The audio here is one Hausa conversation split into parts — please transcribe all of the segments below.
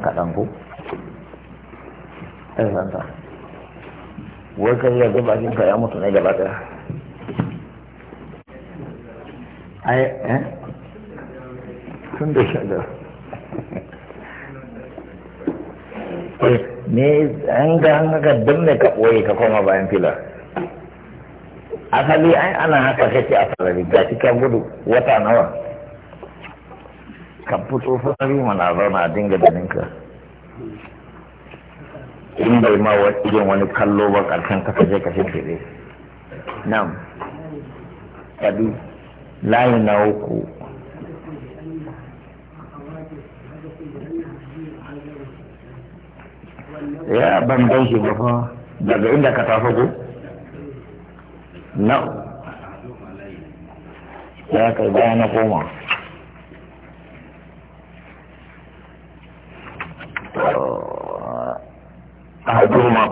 kaɗan ku ɗan santa wai kai yanzu bakin ka ya mutu ne gaba ɗaya ai eh tun da shagar ne an ga an ga ne ka ɓoye ka koma bayan fila asali ai ana haka kake a farari ga cikin gudu wata nawa ka fito fari mana zauna dinga ganin ka in bai ma wajen wani kallo ba karshen ka je ka ne nan tabi layi na uku ya ban dan shi ba fa daga inda ka tafi ko na ya kai bayan na koma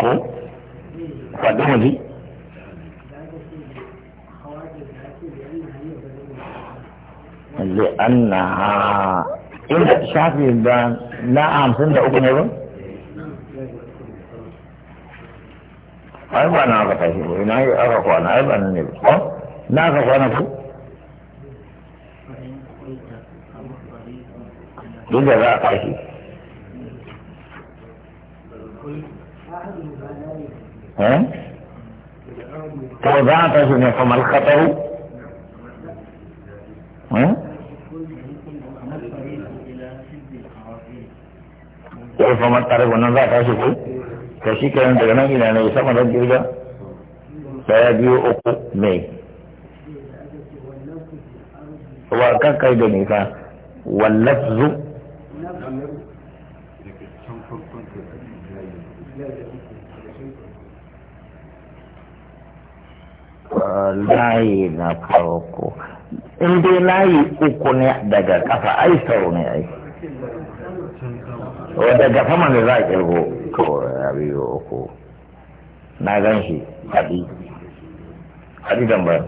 ko faɗi wani li'an na inda shafi da na hamsin da uku ne ba ai ba na yi aka kwana ai ne ba na aka kwana ku duk da za a tashi توضعت شنو فما الخطر ko fa matar wannan za ta shi ko to shi kenan daga nan ina ne sama da girga daya uku wa da layi na farko in dai layi uku ne daga kafa ai sau ne ai oh, daga sama ne za a kirgo kawai biyu uku na gan shi haɗi haɗi dambar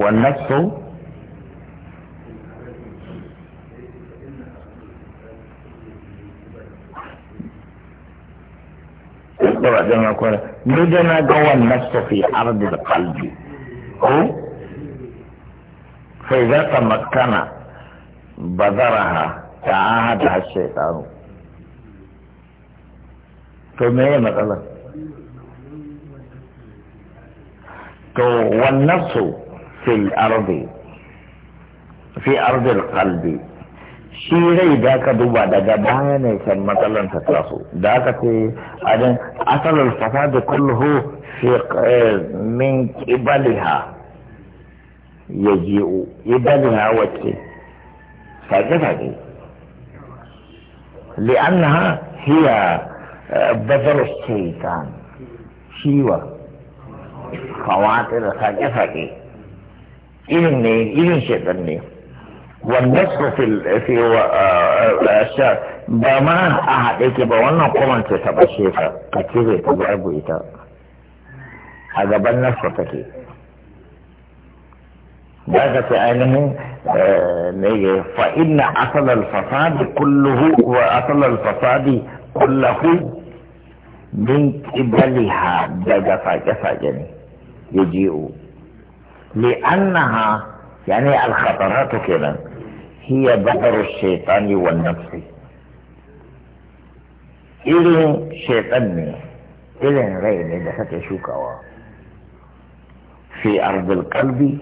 والنفس اقرأ زي ما بدنا جوه النفس في عرض القلب هو فإذا تمكن بذرها تعاهدها الشيطان ثم هي مثلا تو والنفس في الارض في ارض القلب شيري ذاك دوبا دجا باين كان مثلا تتلاصو ذاك تي اذن اصل الفساد كله في آه، من قبلها يجيء قبلها وتي فجت لانها هي آه، بذر الشيطان شيوه خواطر فجت هذه ايه من ايه ايه من شيء مني والنصر في ال... في و... آه... آه... بما احد ايكي بوانا قمان في تبشيطة كتيري تبعبو ايتا هذا بالنصر تكي ماذا تعلمه آه... فإن أصل الفساد كله وأصل الفساد كله من قبلها بدفع جفا جني يجيئوا لأنها يعني الخطرات كده هي بحر الشيطان والنفس إلين شيطان إلين غير إذا كنت في أرض القلب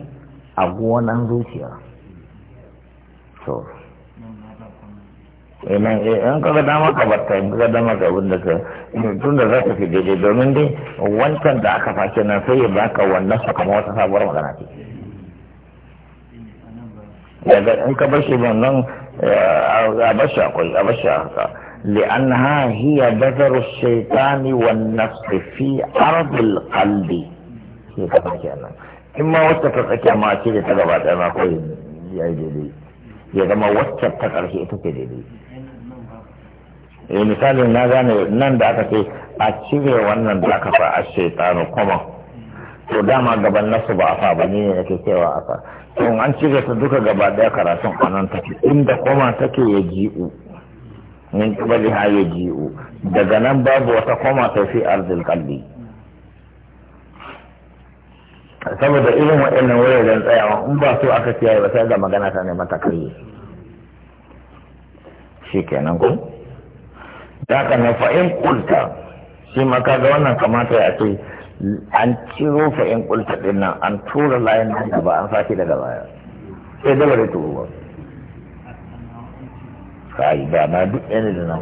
أبوانا روسيا شوف in eh, kaga dama ka barta in kaga dama ka abin ka eh, tun da za ka fi daidai domin dai wancan da aka fashe nan sai ya ka wannan saka ma wata sabuwar magana ce daga in ka bashi nan eh, a bashi akwai a bashi haka li'annaha hiya dazaru shaitani wan nafsi fi ardil qalbi sai ka fashe nan in ma wacce ta tsakiya ma ce da ta gabata ɗaya ma kawai ya yi daidai ya zama wacce ta karshe ita ke daidai eh misalin na gane nan da aka ce a cire wannan da aka fa a shaitanu kuma to dama gaban nasu ba a fa ba ne yake cewa a fa to an cire ta duka gaba daya karatun anan take inda kuma take ya ji'u min kibali ha ya ji'u daga nan babu wata kuma ta fi arzil kalli saboda irin waɗannan wuraren tsayawa in ba so aka ciyar ba sai ga magana ta ne mata shi kenan ko ka na fa'in kulta shi ma kaga wannan kamata ya ce an ciro fa'in kulta din nan an tura layin nan gaba an sake daga baya sai da bari turu ba kai ba na duk yana da nan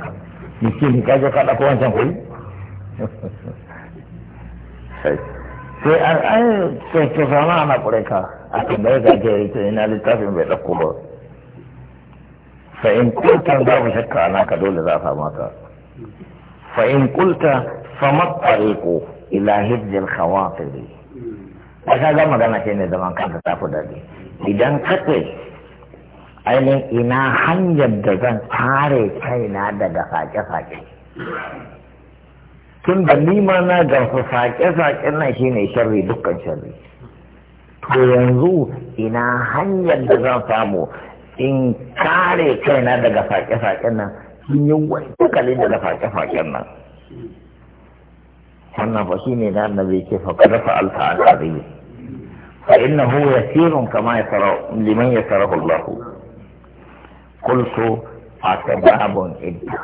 ni ce ni kaje ka dauko wancan koyi sai an an sai ke fama ana kure ka a kan da ga ke ita ina littafin bai ɗauko ba fa'in kulta babu shakka ana ka dole za a samu ka فإن قلت فما الطريق إلى حفظ الخواطر kaga magana ce ne zaman kanta ta fi daɗi idan ka ainihin ina hanyar da zan kare kaina daga sake-sake tun da nima na gamsu sake-saken nan shine sharri dukkan sharri to yanzu ina hanyar da zan samu in kare kaina daga sake-saken nan sun yi wani tukali da dafa kafaken nan wannan ba shi ne na annabi ce fa kada fa alfa an azimi fa ya yasirun kama yasara liman yasarahu Allah qultu asbabun idda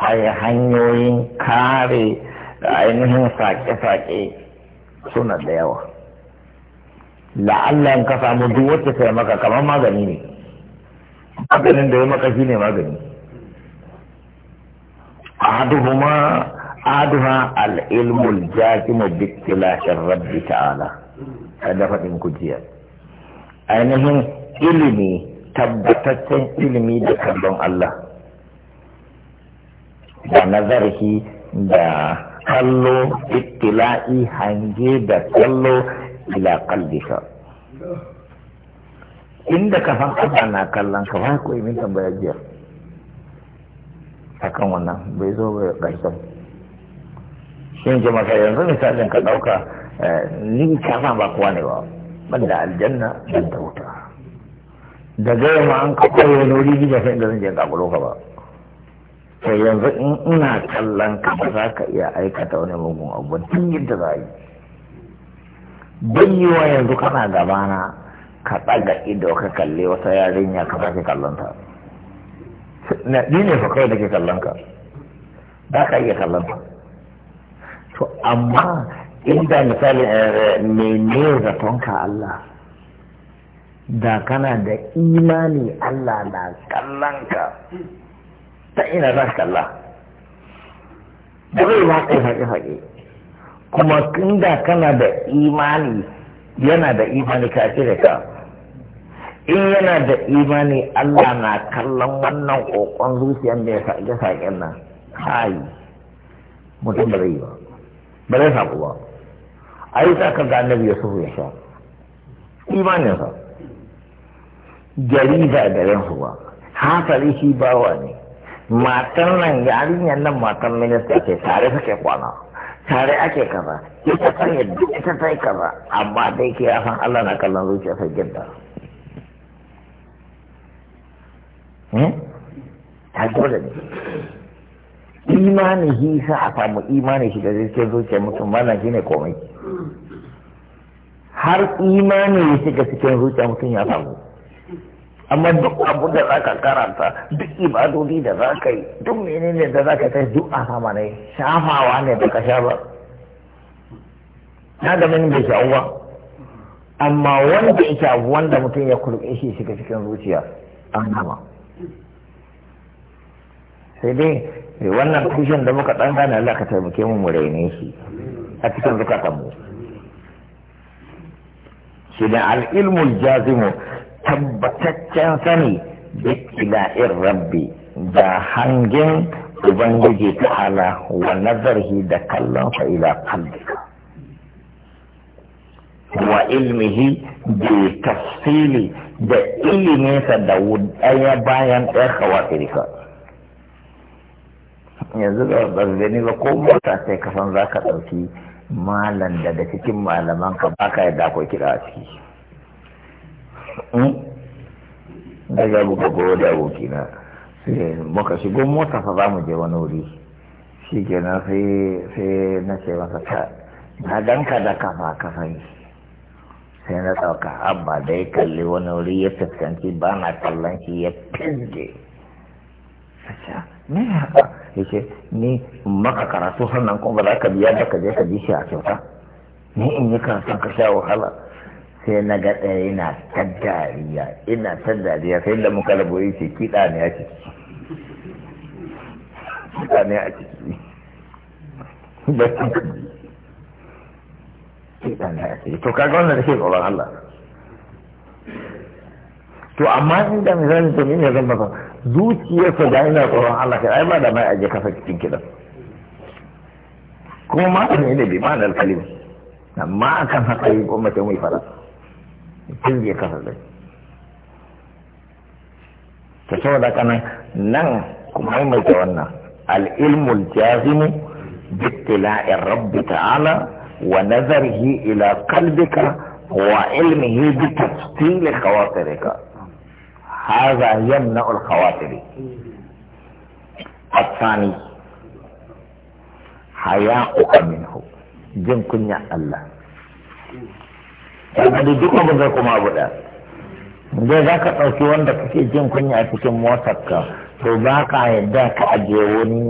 ai hanyoyin kare da ainihin sake-sake suna da yawa la'alla in ka samu duk wacce sai maka kamar magani ne maganin da ya makafi ne magani ahaduhuma aduha alilmul ilmu al-jazimu rabbi ta'ala kada fadin kujiya ainihin ilimi tabbataccen ilimi da kallon Allah da nazarki da kallo ittila'i hange da kallo ila qalbika inda ka san Allah na kallon ka ba ko min tambaya jiya akan wannan bai zo ba ƙarshen shin ji maka yanzu misalin ka ɗauka eh, ni ka san ba kowa ne ba ban da aljanna ban da wuta da gaya ma an ka koyo wani wuri ni da san zan je kulo ka ba sai yanzu in ina kallon ka ba za ka iya aikata wani mugun abu tun yadda za a yi bayyewa yanzu kana gabana ka ɗaga ido ka kalli wata yarinya ka sake kallon ta na ne fa kawai nake kallon ka ba ka iya kallon ta to amma inda misali eh, ne zaton ka Allah da kana da imani Allah na kallon ka ta ina za ka kalla dole zai ba ka haƙe-haƙe kuma inda kana da imani yana da imani ka da ka in yana da imani Allah na kallon wannan kokon zuciyar da ya sake saken nan kai mutum ba zai ba ba zai saku ba a yi sa ka gane ya su ya sha imaninsa jarida da garin su ba hasali shi bawa ne matan nan yarinyar nan matan minista ce tare suke kwana tare ake kaza ita san yadda ita ta yi kaza amma dai ke yasan Allah na kallon zuciya sai gidda ta hmm? dole ne imani shi sa a samu imani shi da zai ce zuciya mutum mana shi ne komai har imani ya shiga cikin zuciya mutum ya samu amma duk abu da za ka karanta duk ibadodi da za ka yi duk menene da za ka kai duk a sama ne shafawa ne da ka sha ba na da mini bai sha'uwa amma wanda ya wanda mutum ya kurɓe shi shiga cikin zuciya an nama. sai dai wannan kushin da muka ɗan gane Allah ka taimake mu mu raine shi a cikin zukatanmu shi da al'ilmul jazimu tabbataccen sani da ila'in rabbi da hangen ubangiji ala, wa nazarhi da kallon sa ila qalbika wa ilmihi bi tafsili da sa da ɗaya bayan ɗaya kawafirka yanzu da gani ba ko mota sai ka san za ka ɗauki malam daga cikin malaman ka ba ka yadda akwai kira a ciki hmm? daga buga goro da abokina sai muka shigo mota fa za mu je wani wuri shi kenan sai na ce masa ta na danka da kafa kafan sai na ɗauka abba da ya kalli wani wuri ya fuskanci ba na kallon shi ya fizge. Sasha, me haka? yace ni maka karatu sannan kuma za ka biya da kaje je ka bi shi a kyauta ni in yi karatun ka sha wahala sai na ga ɗaya ina ta dariya ina ta dariya sai da muka rabo ce kiɗa ne a ciki kiɗa ne a ciki ba kiɗa ne a ciki to kaga wannan da ke tsoron Allah to amma inda misali to ne zan ba zuciyarsa da yana tsoron Allah kai ai ba da mai aje kasa cikin kidan kuma malamin ne bi ma'anar kalimi amma akan haka yi kuma ta mai fara cikin zai kasa da ta saboda kana nan kuma mai mai wannan al'ilmul jazimu bittila'in rabbi ta'ala wa nazarhi ila kalbika wa ilmihi bi tafsili khawatirika هذا يمنع الخواتر الثاني حياؤك منه جن كنيا الله kana da duk abin zai kuma abu ɗaya dai za ka ɗauki wanda kake jin kunya a cikin motar ka to ba ka yadda ka ajiye wani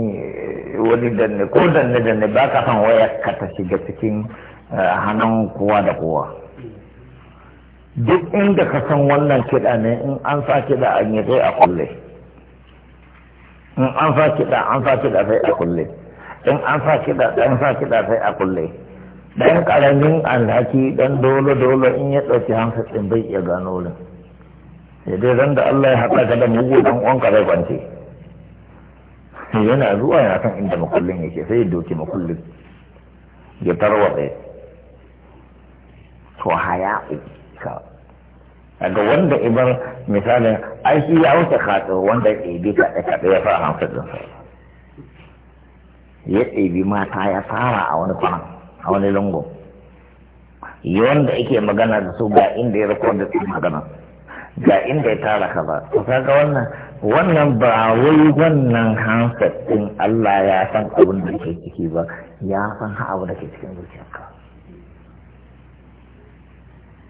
wani danne ko danne danne ba ka san wayar ka ta shiga cikin hannun kowa da kowa duk inda ka san wannan kiɗa ne in an sa kiɗa an yi sai a kulle in an sa kiɗa an sa kiɗa sai a kulle in an sa kiɗa an sa kiɗa sai a kulle dan karamin alhaki dan dole dole in ya ɗauki hansa ɗin bai iya gano ne sai dai ran da Allah ya haɗa ka da mu dan uwan ka zai kwance yana zuwa yana kan inda makullin yake sai ya doke makullin ya tarwatsa to haya'u ka daga wanda ibar misalin shi ya wuce kato wanda ya ɗebi kaɗe kaɗe ya fara hamsa ɗin sa ya ɗebi mata ya fara a wani kwanan a wani lungu wanda yake magana da su ga inda ya da su magana ga inda ya tara ka ba to kaga wannan wannan ba wai wannan hansa ɗin Allah ya san abin da ke ciki ba ya san abu da ke cikin zuciyarka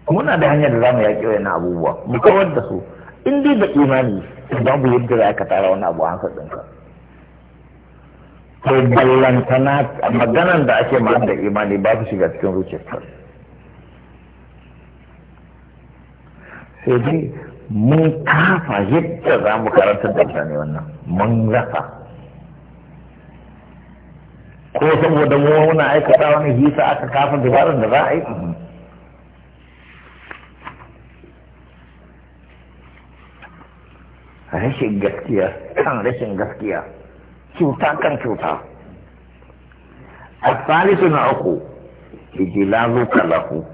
muna da hanyar da za mu yaƙi wani abubuwa mu kawar da su in dai da imani babu yadda za ka tara wani abu a hankali ɗinka to ballantana maganan da ake ma da imani ba su shiga cikin zuciyarka sai dai mun kafa yadda za mu karanta da mutane wannan mun rafa ko saboda mu muna aikata wani hisa aka kafa dabarar da za a yi rashin gaskiya kan rashin gaskiya cuta kan cuta asalisu na uku ijilazu kalahu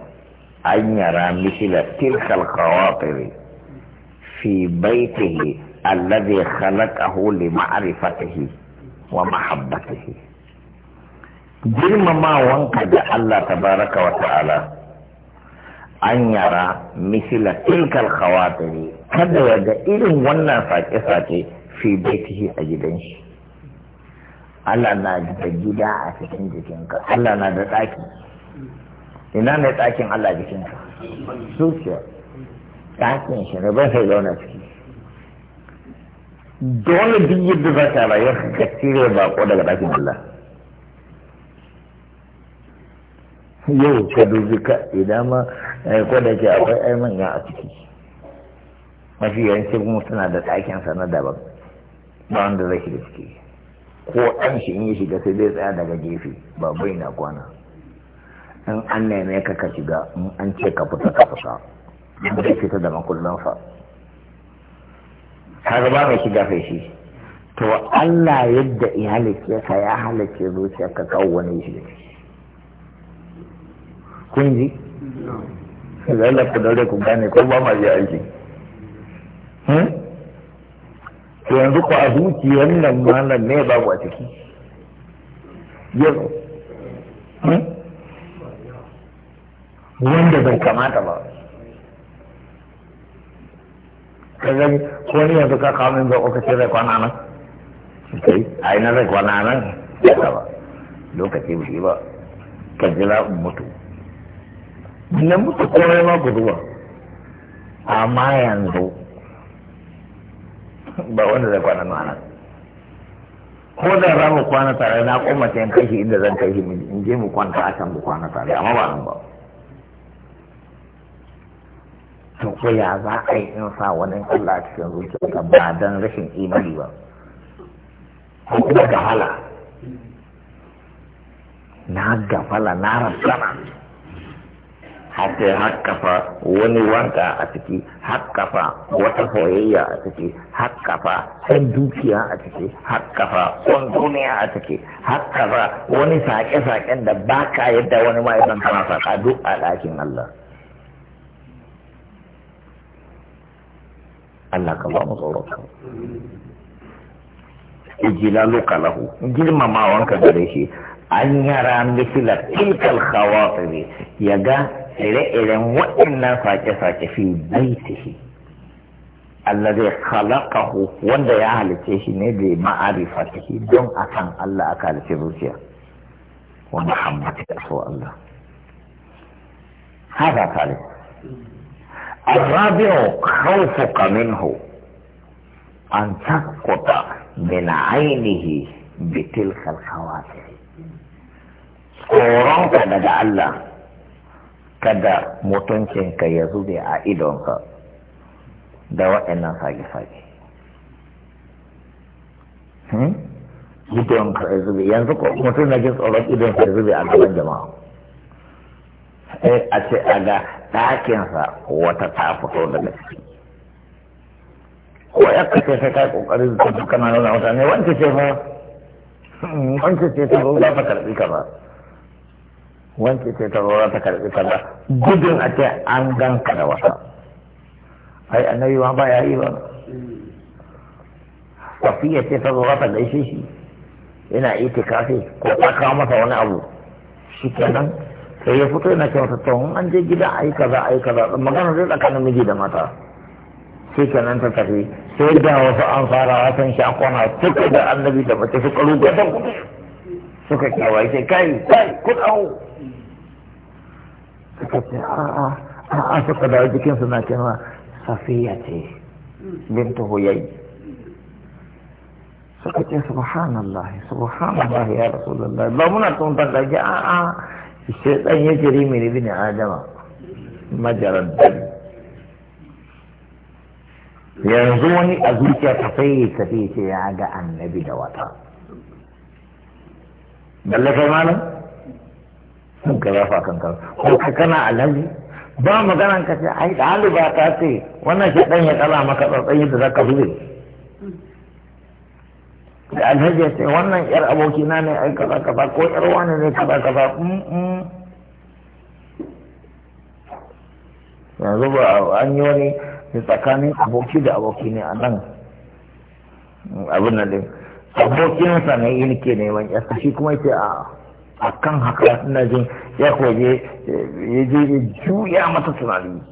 an yara mishila tilkal khawatiri fi baitihi alladhi khalaqahu li ma'rifatihi wa mahabbatihi girmamawanka da Allah tabaraka wa ta'ala an yara mishila tilkal khawatiri kada ya ga irin wannan sake-sake fi baitihi a gidan shi Allah na da gida a cikin jikinka Allah na da ɗaki ina ne ɗakin Allah jikinka zuciya ɗakin shi ne ban sai zauna ciki dole duk yadda za ka rayu ka cire bako daga ɗakin Allah yau ka dubi ka idan ma eh, ko da ke akwai ai ya a ciki mafi yawanci kuma suna da ɗakinsa na daban ba wanda zai shiga ciki ko ɗan shi in yi shiga sai zai tsaya daga gefe ba bai na kwana in an neme ka ka shiga in an ce ka fita ka fita in zai fita da makullansa har ba mai shiga sai shi to Allah yadda ya halice ka ya halice zuciya ka kawo wani shi kun ji? Lallaka dole ku gane ko ba ma ji aiki. Hmm? yanzu ku a zuciyar nan malam ne ba a ciki hmm? wanda bai kamata ba ka ko ni yanzu ka kawo min ba ka ce zai kwana nan a ina zai kwana nan ya ba lokaci bai ba ka jira in mutu na mutu komai ma guduwa amma yanzu ba wanda zai kwana mana ko da za mu kwana tare na koma ta yanka shi inda zan kai shi in je mu kwanta a can mu kwana tare amma ba nan ba to ko ya za a yi in sa wani Allah a cikin zuciyarka ba dan rashin imani ba ko kuma gafala na gafala na rasana hatta ya hakkafa wani wanka a ciki hakkafa wata soyayya a ciki hakkafa san dukiya a ciki hakkafa son duniya a ciki hakkafa wani sake-saken da baka yadda wani ma idan kana saka duk a ɗakin Allah Allah ka ba mu tsoron ka ijilaluka lahu girmamawanka gare shi an yara misila tilkal khawatiri ya ga ire-iren waɗannan sake-sake fi baitihi Allah zai ku wanda ya halice shi ne bai ma'arifatihi don a akan Allah aka halice zuciya wa muhammadu ya so Allah haka kare الرابع خوفك منه أن تسقط من عينه بتلك tsoron ka daga Allah kada mutuncinka ya zube a idonka da waɗannan fage-fage hmm? idonka ya zube yanzu ko mutum na jin tsoron idonka ya zube a gaban jama'a sai a ce a ga ɗakinsa wata ta fito daga ciki ko ya kace sai kai kokarin da kana nuna mutane wanke ce fa hmm, wancan ce ta ba ta karbi ka ba wanke ce ta rora ta karbi kaza gudun a ce an ganka da wata ai annabi ma ba ya yi ba safiya ce ta rora ta gaishe shi yana kafe ko ta kawo masa wani abu shi kenan sai ya fito yana kyauta to an je gida ai kaza ai kaza magana zai tsakanin miji da mata shi kenan ta tafi sai da wasu an fara wasan shi a kwana suka da annabi da mace su suka rubuta suka kewaye kai kai kun suka ce a'a a'a suka dawo jikin suna cewa safiya ce bintu huyai suka ce subhanallah subhanallah ya rasulullah ba muna tun tantance a'a shaitan ya jiri mai bin adama majarar dali yanzu wani a zuciya ta sai tafi ce ya ga annabi da wata balle kai malam sun ka yafa kanka ko ka kana alhaji ba maganan ka ce ai daliba ta ce wannan shi ɗan ya kala maka tsatsan yadda za ka da alhaji ya ce wannan yar abokina ne ai kaza kaza ko yar wani ne kaza kaza mm, mm. yanzu ba an yi wani tsakanin aboki da aboki ne a nan abin nan din abokinsa ne yi nike neman yasa shi kuma ce a a kan haka ina jin ya kwaje ya je ya juya mata tunani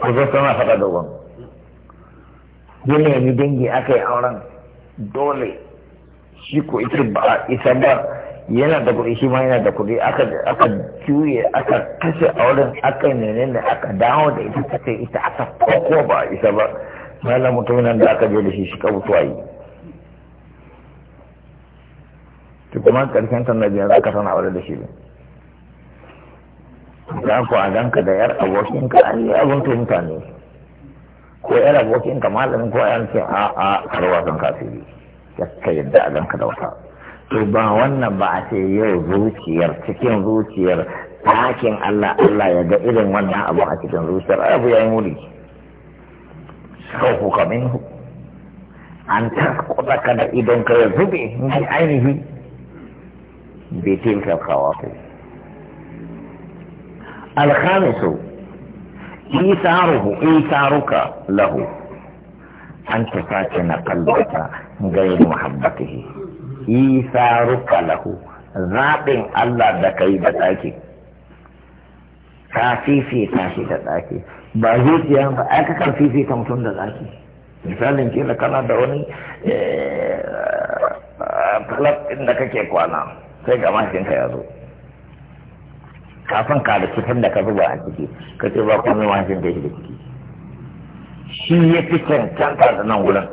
ko zai sana faɗa da wani yana yi dangi aka yi auren dole shi ko ita ba a isa ba yana da kuɗi shi ma yana da kuɗi aka juye aka kashe auren aka ne aka dawo da ita ta kai ita aka ko ba a isa ba mutum mutumin da aka je da shi shi kabutuwa yi to kuma karshen kan nabiya za ka sana aure da shi ne za ku a ganka da yar abokin ka an yi abin tun mutane ko yar abokin ka malamin ko yan ce a a karwa kan kafiri ya ka yadda a ganka da wata to ba wannan ba a ce yau zuciyar cikin zuciyar takin Allah Allah ya ga irin wannan abu a cikin zuciyar abu ya yi muri. sau ku kamin an ta kuɗa ka da idon ka ya zube mai ainihi بتلك الخواطر الخامس إيثاره إيثارك له أن تساكن قلبك غير محبته إيثارك له zaɓin Allah da kai da ɗaki ka fifita shi da ɗaki ba zuciya ba ai ka kan fifita mutum da ɗaki misalin kila kana da wani club eh, ɗin da kake kwana sai ga mahaifinka ya zo kafin ka da kifin da ka zuba a ciki ka ce ba komai mahaifinka ya da ciki shi ya fi cancanta da nan wurin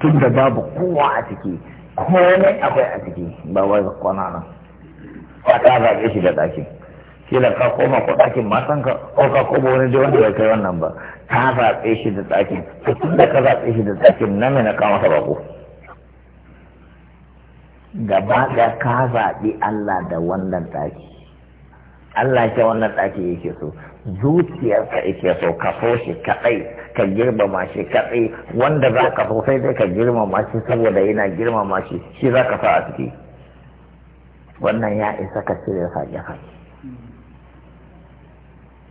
tun da babu kowa a ciki komai akwai a ciki ba wai kwana nan ba ta zaɓe shi da ɗakin shi da ka koma ko ɗakin ka ko ka koma wani da wanda bai kai wannan ba ta zaɓe shi da ɗakin tun da ka zaɓe shi da ɗakin na mai na kama masa bako. gaba da ka zaɓi Allah da wannan ɗaki Allah ke wannan ɗaki yake so zuciyarka yake so ka so shi kaɗai ka girmama shi kaɗai wanda za ka so sai dai ka girmama shi saboda yana girmama shi shi za ka sa a ciki wannan ya isa ka cire sake-sake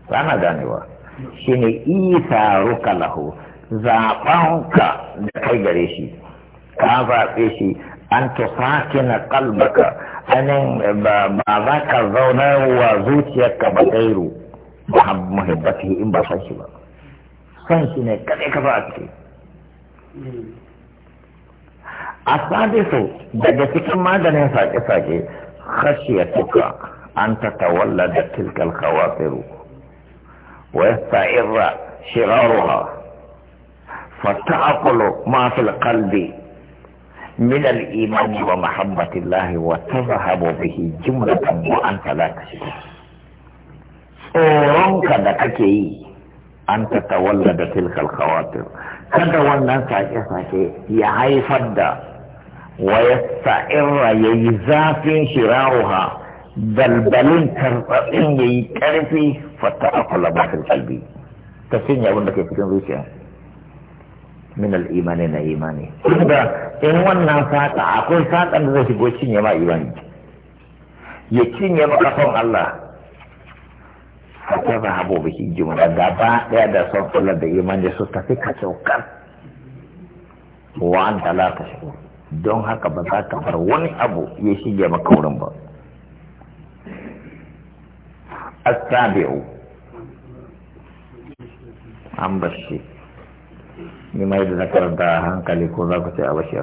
Za na ganewa shi ne isa ruka lahu zaɓanka da kai gare shi ka zaɓe shi أن تساكن قلبك أن بعضك الزونا وزوتيك بغير محبته إن بصنشبا سنشنة كذي كذاتي أصلا دي سو دي سكي ما دنيا ساكي خشيتك أن تتولد تلك الخواطر ويستعر شغارها فتعقل ما في القلب من الايمان ومحبة الله وتذهب به جملة وانت لا تشعر. اورونك دككي ان تتولد تلك الخواطر. كذا والناس يا هاي فدا ويستعر يجزا في شراؤها بل بل ترتقي فتأقلم في القلب. تسين يا ابنك في تنظيفها. min al'imani na imani da in wannan saƙa akwai saƙan da zai shigo cinye ma imani ya cinye ma Allah a ba habo biki jumla gaba ɗaya da son Allah da imani su tafi ka saukar wa an tala ka shigo don haka ba za ka bar wani abu ya shige maka wurin ba an bashi ni mai da na karanta hankali ko za ku ce a bashi